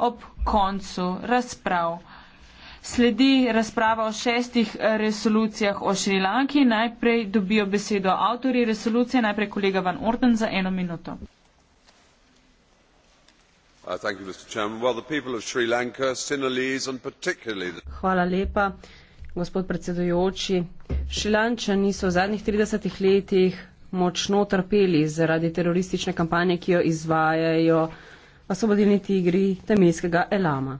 ob koncu razprav. Sledi razprava o šestih resolucijah o Šrilanki. Najprej dobijo besedo avtori resolucije, najprej kolega Van Orden za eno minuto. Uh, Hvala lepa, gospod predsedujoči. Šrilančani so v zadnjih 30 letih močno trpeli zaradi teroristične kampanje, ki jo izvajajo osvobodilni tigri temeljskega Elama.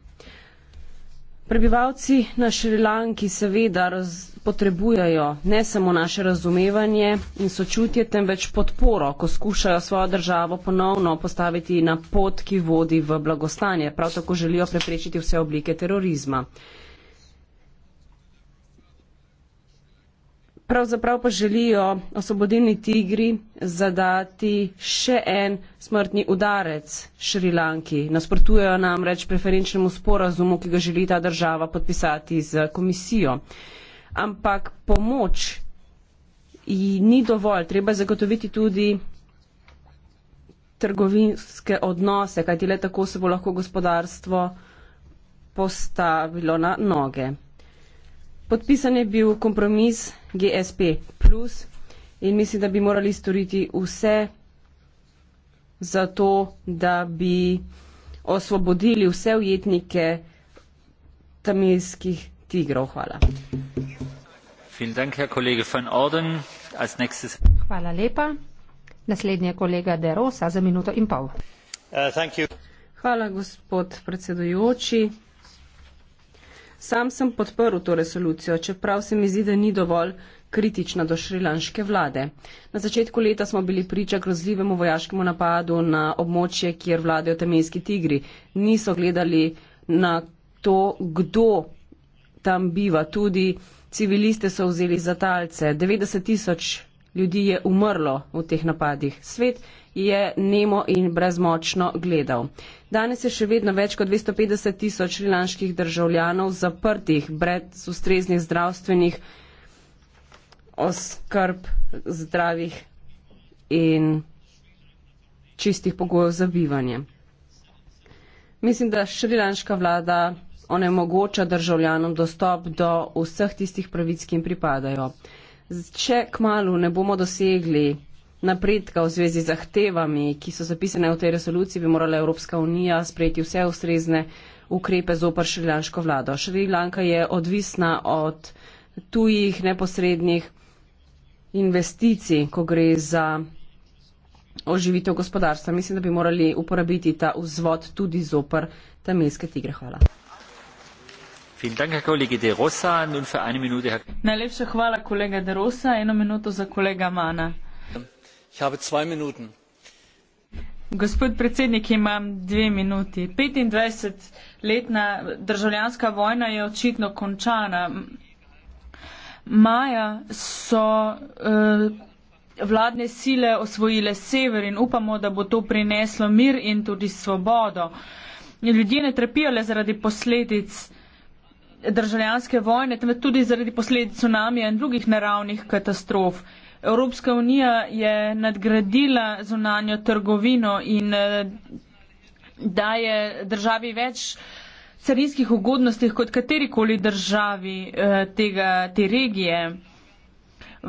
Prebivalci na Šrilanki seveda raz, potrebujejo ne samo naše razumevanje in sočutje, temveč podporo, ko skušajo svojo državo ponovno postaviti na pot, ki vodi v blagostanje. Prav tako želijo preprečiti vse oblike terorizma. pravzaprav pa želijo osvobodilni tigri zadati še en smrtni udarec Šrilanki. Nasprotujejo namreč preferenčnemu sporazumu, ki ga želi ta država podpisati z komisijo. Ampak pomoč ni dovolj, treba zagotoviti tudi trgovinske odnose, kajti le tako se bo lahko gospodarstvo postavilo na noge. Podpisan je bil kompromis GSP plus in mislim, da bi morali storiti vse za to, da bi osvobodili vse ujetnike tamilskih tigrov. Hvala. Hvala lepa. Naslednji je kolega De Rosa za minuto in pol. Uh, Hvala, gospod predsedujoči. Sam sem podprl to resolucijo, čeprav se mi zdi, da ni dovolj kritična do šrilanške vlade. Na začetku leta smo bili priča grozljivemu vojaškemu napadu na območje, kjer vladajo temenski tigri. Niso gledali na to, kdo tam biva. Tudi civiliste so vzeli za talce. 90 tisoč Ljudi je umrlo v teh napadih. Svet je nemo in brezmočno gledal. Danes je še vedno več kot 250 tisoč šrilanških državljanov zaprtih brez ustreznih zdravstvenih oskrb zdravih in čistih pogojev za bivanje. Mislim, da šrilanška vlada onemogoča državljanom dostop do vseh tistih pravic, ki jim pripadajo če kmalo ne bomo dosegli napredka v zvezi z zahtevami, ki so zapisane v tej resoluciji, bi morala Evropska unija sprejeti vse ustrezne ukrepe zopr šrilanško vlado. Šrilanka je odvisna od tujih neposrednih investicij, ko gre za oživitev gospodarstva. Mislim, da bi morali uporabiti ta vzvod tudi zopr tamilske tigre. Hvala. Najlepša hvala, kolega De Rosa. Eno minuto za kolega Mana. Gospod predsednik, imam dve minuti. 25-letna državljanska vojna je očitno končana. Maja so uh, vladne sile osvojile sever in upamo, da bo to prineslo mir in tudi svobodo. Ljudje ne trpijo le zaradi posledic državljanske vojne, temveč tudi zaradi posledic tsunamija in drugih naravnih katastrof. Evropska unija je nadgradila zunanjo trgovino in eh, daje državi več carinskih ugodnosti kot katerikoli državi eh, tega, te regije. Eh,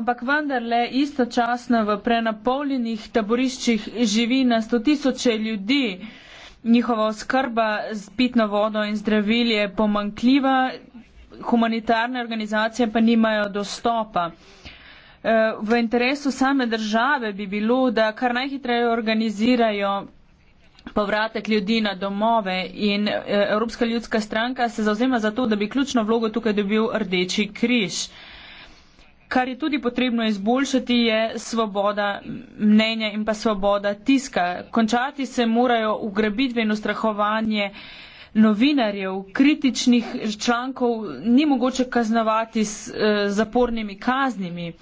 ampak vendarle istočasno v prenapolnjenih taboriščih živi na sto tisoče ljudi njihova oskrba z pitno vodo in zdravili je pomankljiva, humanitarne organizacije pa nimajo dostopa. Eh, v interesu same države bi bilo, da kar najhitreje organizirajo povratek ljudi na domove in eh, Evropska ljudska stranka se zauzema za to, da bi ključno vlogo tukaj dobil Rdeči križ. Kar je tudi potrebno izboljšati, je svoboda mnenja in pa svoboda tiska. Končati se morajo ugrabitve in ustrahovanje novinarjev, kritičnih člankov ni mogoče kaznovati s e, zapornimi kaznimi.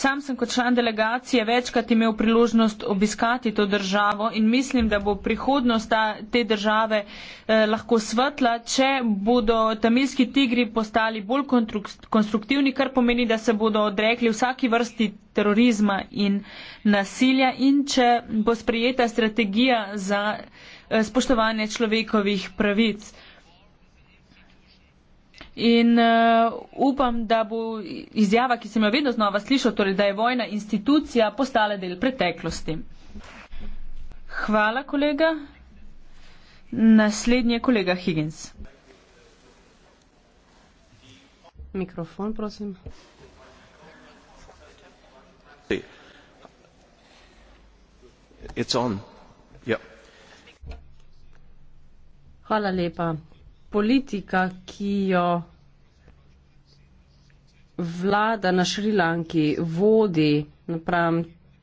Sam sem kot član delegacije večkrat imel priložnost obiskati to državo in mislim, da bo prihodnost ta, te države eh, lahko svetla, če bodo tamilski tigri postali bolj konstruktivni, kar pomeni, da se bodo odrekli vsaki vrsti terorizma in nasilja in če bo sprejeta strategija za eh, spoštovanje človekovih pravic. In uh, upam, da bo izjava, ki sem jo vedno znova slišal, torej, da je vojna institucija postala del preteklosti. Hvala, kolega. Naslednji je kolega Higgins. Mikrofon, prosim. Hvala lepa politika, ki jo vlada na Šrilanki vodi napram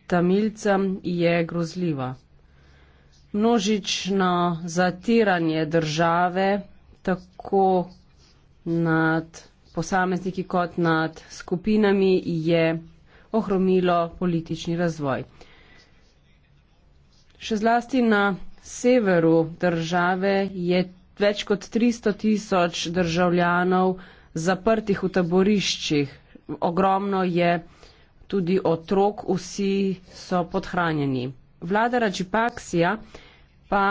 tamilcem, je grozljiva. Množično zatiranje države tako nad posamezniki kot nad skupinami je ohromilo politični razvoj. Še zlasti na severu države je več kot 300 tisoč državljanov zaprtih v taboriščih. Ogromno je tudi otrok, vsi so podhranjeni. Vlada Rajipaksija pa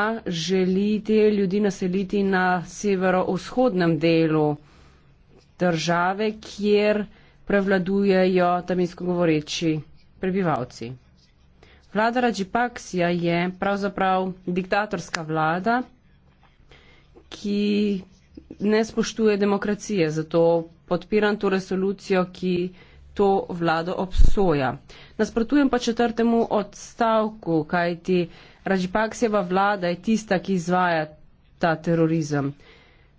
želi te ljudi naseliti na severovzhodnem delu države, kjer prevladujejo tamisko govoreči prebivalci. Vlada Rajipaksija je pravzaprav diktatorska vlada, ki ne spoštuje demokracije. Zato podpiram to resolucijo, ki to vlado obsoja. Nasprotujem pa četrtemu odstavku, kajti Rajipaksjeva vlada je tista, ki izvaja ta terorizem.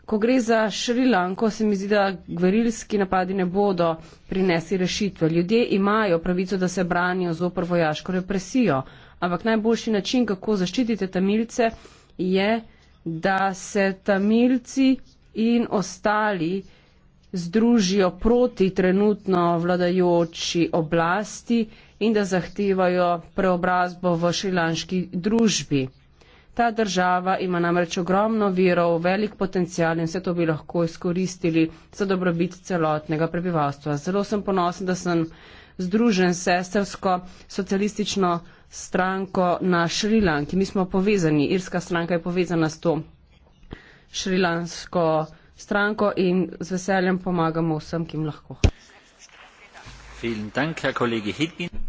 Ko gre za Šrilanko, se mi zdi, da gverilski napadi ne bodo prinesli rešitve. Ljudje imajo pravico, da se branijo zopr vojaško represijo, ampak najboljši način, kako zaščititi tamilce, je da se tamilci in ostali združijo proti trenutno vladajoči oblasti in da zahtevajo preobrazbo v šrilanški družbi. Ta država ima namreč ogromno virov, velik potencial in vse to bi lahko izkoristili za dobrobit celotnega prebivalstva. Zelo sem ponosen, da sem združen sestrsko socialistično stranko na Šrilanki. Mi smo povezani, irska stranka je povezana s to šrilansko stranko in z veseljem pomagamo vsem, ki jim lahko.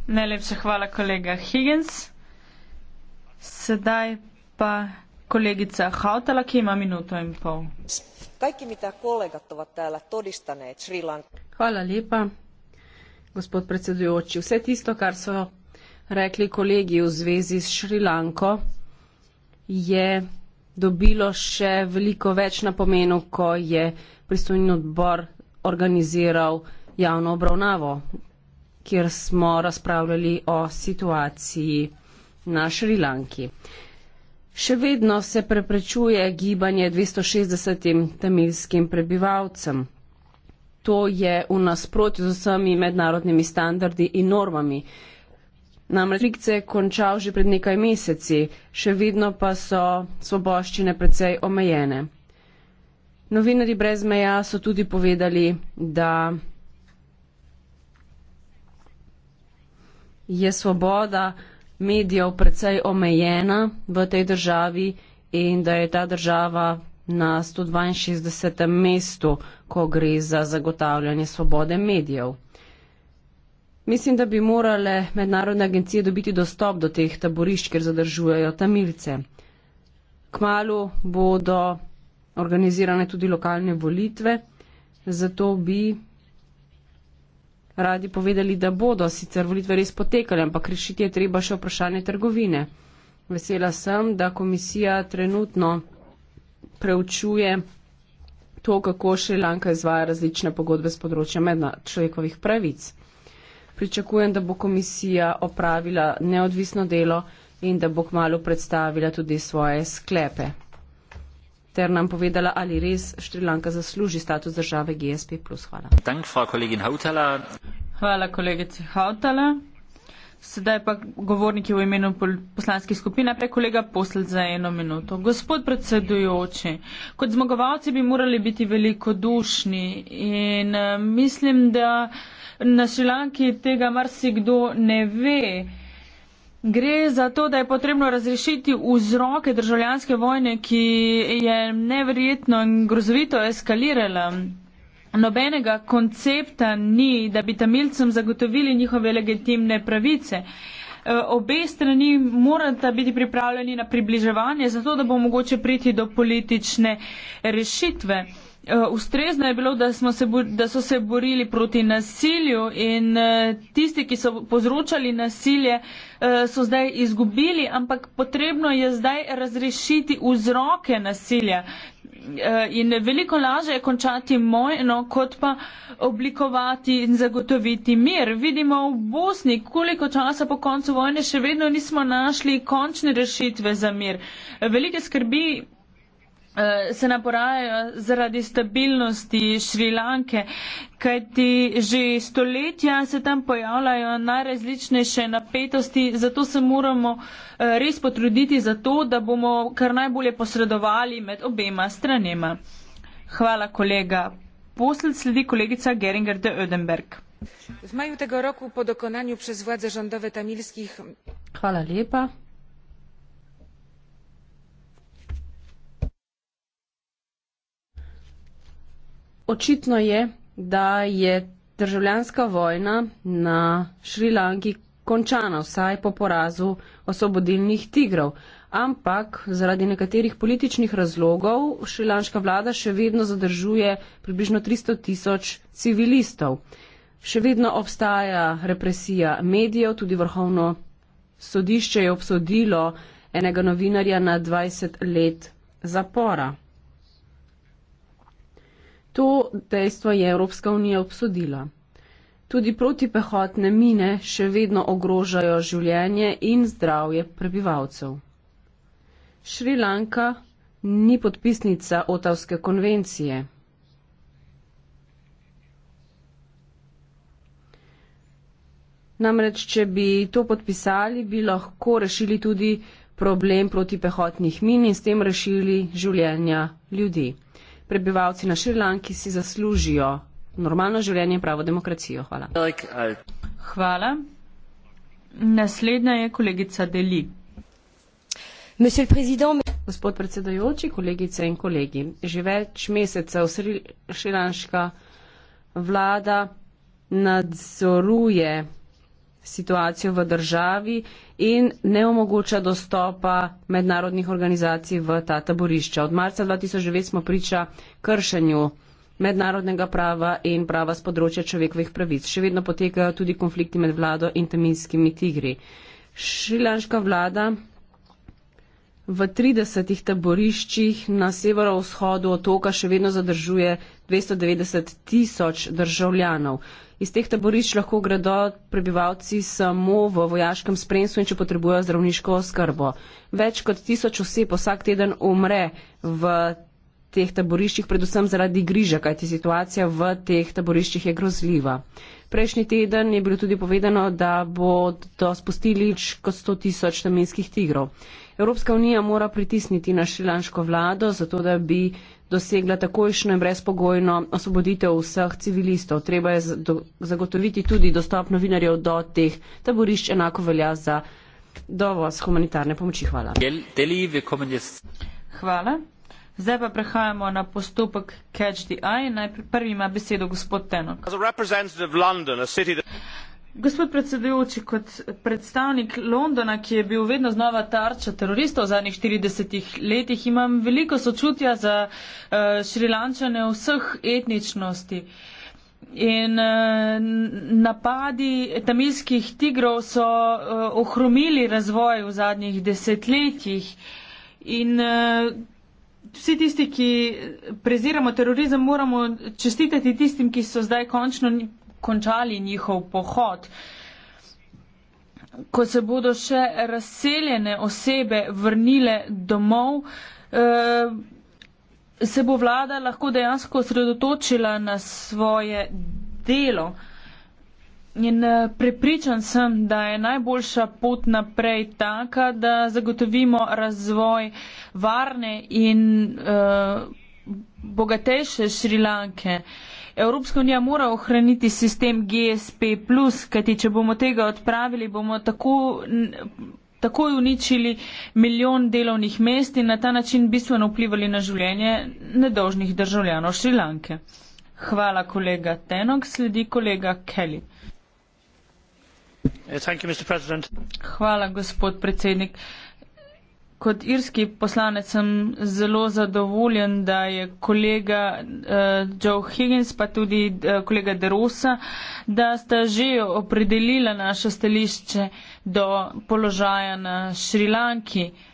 Najlepša hvala, kolega Higgins. Sedaj pa kolegica Hautala, ki ima minuto in pol. Hvala lepa, gospod predsedujoči. Vse tisto, kar so rekli kolegi v zvezi s Šrilanko, je dobilo še veliko več na pomenu, ko je pristojni odbor organiziral javno obravnavo, kjer smo razpravljali o situaciji na Šrilanki. Še vedno se preprečuje gibanje 260 tamilskim prebivalcem. To je v nasprotju z vsemi mednarodnimi standardi in normami. Namreč konflikt se je končal že pred nekaj meseci, še vedno pa so svoboščine precej omejene. Novinari brez meja so tudi povedali, da je svoboda medijev precej omejena v tej državi in da je ta država na 162. mestu, ko gre za zagotavljanje svobode medijev. Mislim, da bi morale mednarodne agencije dobiti dostop do teh taborišč, kjer zadržujejo tamilce. Kmalo bodo organizirane tudi lokalne volitve, zato bi radi povedali, da bodo sicer volitve res potekale, ampak rešiti je treba še vprašanje trgovine. Vesela sem, da komisija trenutno preučuje to, kako še Lanka izvaja različne pogodbe z področja mednarodnih človekovih pravic pričakujem, da bo komisija opravila neodvisno delo in da bo kmalo predstavila tudi svoje sklepe ter nam povedala, ali res Štrilanka zasluži status države GSP. Hvala. Dank, Hvala kolegici Hautala. Sedaj pa govorniki v imenu poslanskih skupin, pa je kolega posled za eno minuto. Gospod predsedujoči, kot zmagovalci bi morali biti veliko dušni in eh, mislim, da na Šrilanki tega marsikdo ne ve. Gre za to, da je potrebno razrešiti vzroke državljanske vojne, ki je neverjetno in grozovito eskalirala. Nobenega koncepta ni, da bi tamilcem zagotovili njihove legitimne pravice. E, obe strani morata biti pripravljeni na približevanje, zato da bo mogoče priti do politične rešitve. Eh, ustrezno je bilo, da, smo se, da so se borili proti nasilju in eh, tisti, ki so povzročali nasilje, eh, so zdaj izgubili, ampak potrebno je zdaj razrešiti vzroke nasilja. In veliko laže je končati mojno, kot pa oblikovati in zagotoviti mir. Vidimo v Bosni, koliko časa po koncu vojne še vedno nismo našli končne rešitve za mir. Velike skrbi Eh, se ne porajajo zaradi stabilnosti Šrilanke, kajti že stoletja se tam pojavljajo najrazličnejše napetosti, zato se moramo eh, res potruditi za to, da bomo kar najbolje posredovali med obema stranema. Hvala, kolega. Posled sledi kolegica Geringer de Ödenberg. V maju tega roku po dokonanju prez vlade žandove tamilskih. Hvala lepa. očitno je, da je državljanska vojna na Šrilanki končana, vsaj po porazu osvobodilnih tigrov. Ampak zaradi nekaterih političnih razlogov šrilanška vlada še vedno zadržuje približno 300 tisoč civilistov. Še vedno obstaja represija medijev, tudi vrhovno sodišče je obsodilo enega novinarja na 20 let zapora. To dejstvo je Evropska unija obsodila. Tudi protipehotne mine še vedno ogrožajo življenje in zdravje prebivalcev. Šrilanka ni podpisnica Otavske konvencije. Namreč, če bi to podpisali, bi lahko rešili tudi problem protipehotnih min in s tem rešili življenja ljudi prebivalci na Šrilanki si zaslužijo normalno življenje in pravo demokracijo. Hvala. Hvala. Naslednja je kolegica Deli. Gospod predsedajoči, kolegice in kolegi, že več mesecev šrilanška vlada nadzoruje situacijo v državi in ne omogoča dostopa mednarodnih organizacij v ta taborišča. Od marca 2009 smo priča kršenju mednarodnega prava in prava z področja človekovih pravic. Še vedno potekajo tudi konflikti med vlado in teminskimi tigri. Šrilanška vlada v 30 taboriščih na severovzhodu otoka še vedno zadržuje 290 tisoč državljanov. Iz teh taborišč lahko gredo prebivalci samo v vojaškem spremstvu in če potrebujejo zdravniško oskrbo. Več kot tisoč oseb vsak teden umre v teh taboriščih, predvsem zaradi griža, kajti situacija v teh taboriščih je grozljiva. Prejšnji teden je bilo tudi povedano, da bodo spustili več kot 100 tisoč taminskih tigrov. Evropska unija mora pritisniti na šrilansko vlado, zato da bi dosegla takojšno in brezpogojno osvoboditev vseh civilistov. Treba je zagotoviti tudi dostop novinarjev do teh taborišč, enako velja za dovoz humanitarne pomoči. Hvala. Hvala. Zdaj pa prehajamo na postopek Catch the Eye. Najprej prvi ima besedo gospod Tenok. Gospod predsedujoči, kot predstavnik Londona, ki je bil vedno znova tarča teroristov v zadnjih 40 letih, imam veliko sočutja za uh, šrilančane vseh etničnosti. In uh, napadi tamilskih tigrov so uh, ohromili razvoj v zadnjih desetletjih. In uh, vsi tisti, ki preziramo terorizem, moramo čestitati tistim, ki so zdaj končno končali njihov pohod. Ko se bodo še razseljene osebe vrnile domov, eh, se bo vlada lahko dejansko osredotočila na svoje delo. In eh, prepričan sem, da je najboljša pot naprej taka, da zagotovimo razvoj varne in uh, bogatejše Šrilanke. Uh, Evropska unija mora ohraniti sistem GSP, kajti če bomo tega odpravili, bomo tako. Takoj uničili milijon delovnih mest in na ta način bistveno vplivali na življenje nedožnih državljanov Šrilanke. Hvala, kolega Tenok. Sledi kolega Kelly. Hvala, gospod predsednik kot irski poslanec sem zelo zadovoljen, da je kolega uh, Joe Higgins pa tudi uh, kolega Derosa, da sta že opredelila naše stališče do položaja na Šrilanki. Uh,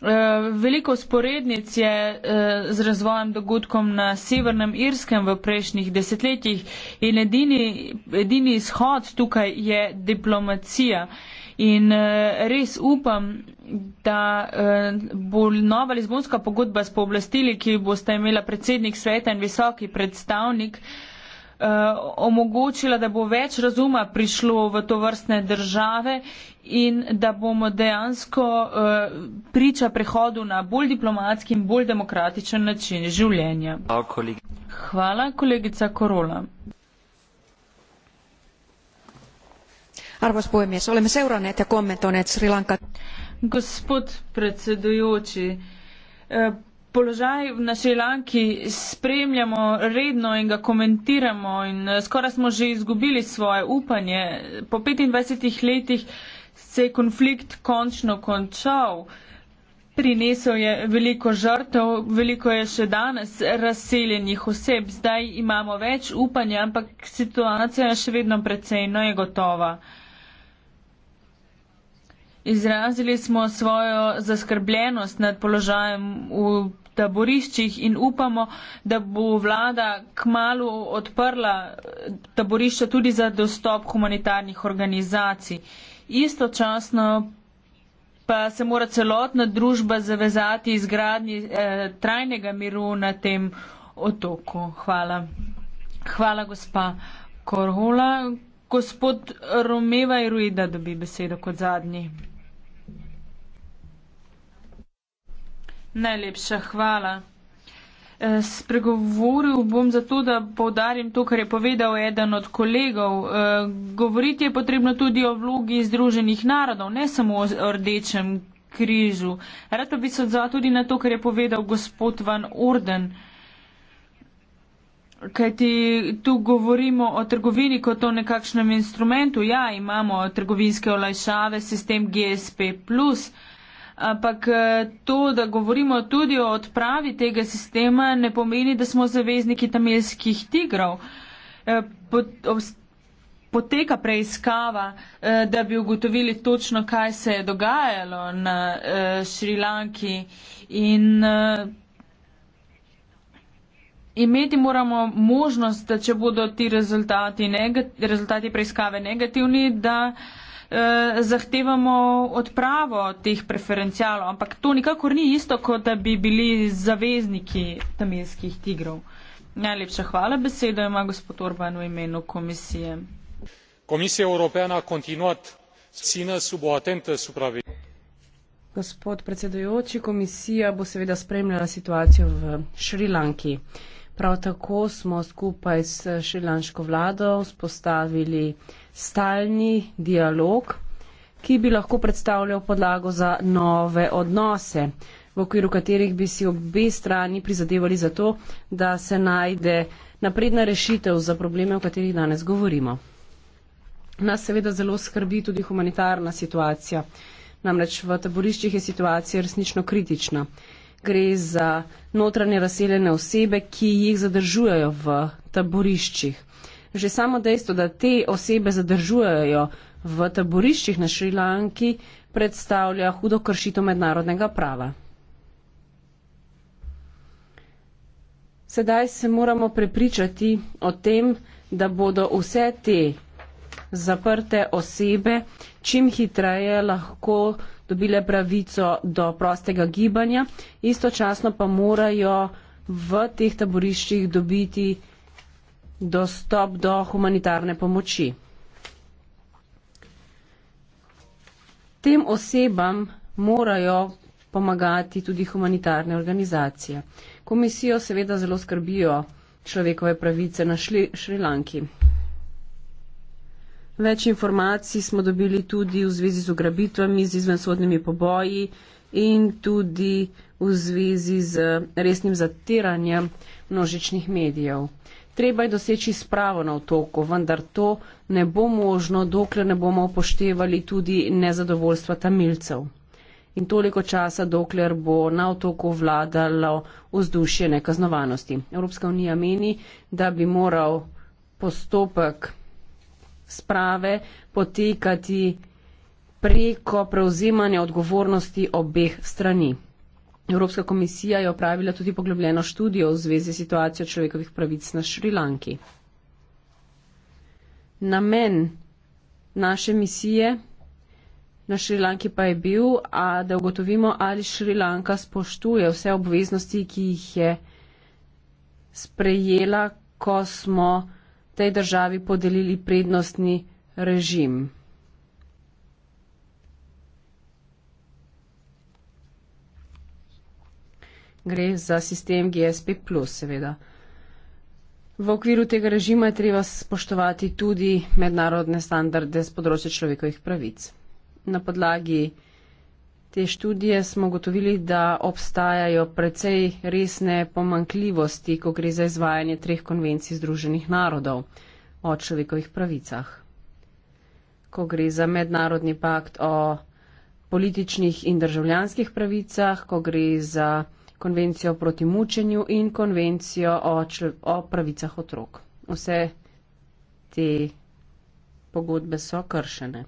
Eh, veliko sporednic je eh, z razvojem dogodkom na Severnem Irskem v prejšnjih desetletjih in edini, edini izhod tukaj je diplomacija. In eh, res upam, da bo nova lizbonska pogodba s pooblastili, ki bo sta imela predsednik sveta in visoki predstavnik, Eh, omogočila, da bo več razuma prišlo v to vrstne države in da bomo dejansko eh, priča prehodu na bolj diplomatski in bolj demokratičen način življenja. Hvala, kolegica Korola. Arvoisa puhemies, olemme seuranneet ja kommentoineet Sri Lankan. Gospod predsedujoči, eh, Položaj na Šrilanki spremljamo redno in ga komentiramo in eh, skoraj smo že izgubili svoje upanje. Po 25 letih se je konflikt končno končal. Prinesel je veliko žrtev, veliko je še danes razseljenih oseb. Zdaj imamo več upanja, ampak situacija je še vedno precej negotova. No Izrazili smo svojo zaskrbljenost nad položajem v taboriščih in upamo, da bo vlada kmalo odprla taborišča tudi za dostop humanitarnih organizacij. Istočasno pa se mora celotna družba zavezati izgradnji eh, trajnega miru na tem otoku. Hvala. Hvala, gospa Korhola. Gospod Romeva Iruida dobi besedo kot zadnji. Najlepša hvala. Eh, spregovoril bom zato, da povdarim to, kar je povedal eden od kolegov. Eh, govoriti je potrebno tudi o vlogi Združenih narodov, ne samo o rdečem križu. Rato bi se odzval tudi na to, kar je povedal gospod Van Orden. Kaj ti tu govorimo o trgovini kot o nekakšnem instrumentu? Ja, imamo trgovinske olajšave, sistem GSP. Ampak eh, to, da govorimo tudi o odpravi tega sistema, ne pomeni, da smo zavezniki tamilskih tigrov. Eh, poteka preiskava, eh, da bi ugotovili točno, kaj se je dogajalo na Šrilanki. In imeti moramo možnost, da če bodo ti rezultati, negati, rezultati preiskave negativni, da. Eh, zahtevamo odpravo teh preferencialov, ampak to nikakor ni isto, kot da bi bili zavezniki tamilskih tigrov. Najlepša hvala, besedo ima gospod Orban v imenu komisije. Komisija Evropena kontinuat sina subotente supravi. Gospod predsedujoči, komisija bo seveda spremljala situacijo v Šrilanki. Prav tako smo skupaj s šilanško vlado spostavili stalni dialog, ki bi lahko predstavljal podlago za nove odnose, v okviru katerih bi si obe strani prizadevali za to, da se najde napredna rešitev za probleme, o katerih danes govorimo. Nas seveda zelo skrbi tudi humanitarna situacija. Namreč v taboriščih je situacija resnično kritična gre za notranje razseljene osebe, ki jih zadržujejo v taboriščih. Že samo dejstvo, da te osebe zadržujejo v taboriščih na Šrilanki, predstavlja hudo kršito mednarodnega prava. Sedaj se moramo prepričati o tem, da bodo vse te zaprte osebe čim hitreje lahko dobile pravico do prostega gibanja, istočasno pa morajo v teh taboriščih dobiti dostop do humanitarne pomoči. Tem osebam morajo pomagati tudi humanitarne organizacije. Komisijo seveda zelo skrbijo človekove pravice na Šrilanki. Šri Več informacij smo dobili tudi v zvezi z ugrabitvami, z izvensodnimi poboji in tudi v zvezi z resnim zatiranjem množičnih medijev. Treba je doseči spravo na otoku, vendar to ne bo možno, dokler ne bomo upoštevali tudi nezadovoljstva tamilcev. In toliko časa, dokler bo na otoku vladalo vzdušje nekaznovanosti. Evropska unija meni, da bi moral postopek sprave potekati preko prevzemanja odgovornosti obeh strani. Evropska komisija je opravila tudi poglobljeno študijo v zvezi s situacijo človekovih pravic na Šrilanki. Namen naše misije na Šrilanki pa je bil, a, da ugotovimo, ali Šrilanka spoštuje vse obveznosti, ki jih je sprejela, ko smo tej državi podelili prednostni režim. Gre za sistem GSP, seveda. V okviru tega režima je treba spoštovati tudi mednarodne standarde z področja človekovih pravic. Na podlagi te študije smo gotovili, da obstajajo precej resne pomankljivosti, ko gre za izvajanje treh konvencij Združenih narodov o človekovih pravicah. Ko gre za mednarodni pakt o političnih in državljanskih pravicah, ko gre za konvencijo proti mučenju in konvencijo o, o pravicah otrok. Vse te pogodbe so kršene.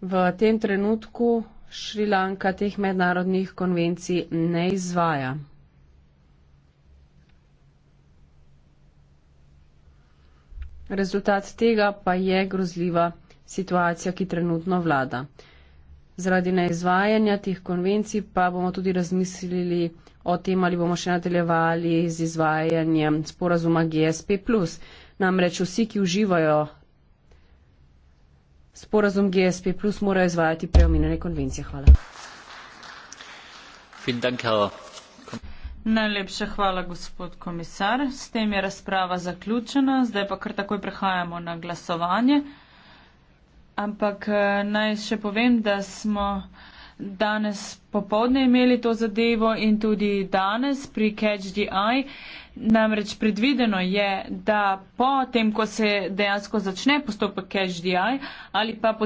V tem trenutku Šrilanka teh mednarodnih konvencij ne izvaja. Rezultat tega pa je grozljiva situacija, ki trenutno vlada. Zaradi neizvajanja teh konvencij pa bomo tudi razmislili o tem, ali bomo še nadaljevali z izvajanjem sporazuma GSP. Namreč vsi, ki uživajo Sporazum GSP plus mora izvajati preomenjene konvencije. Hvala. Najlepša hvala, gospod komisar. S tem je razprava zaključena. Zdaj pa kar takoj prehajamo na glasovanje. Ampak eh, naj še povem, da smo danes popovdne imeli to zadevo in tudi danes pri Catch the Eye. Namreč predvideno je, da po tem, ko se dejansko začne postopek cash DI ali pa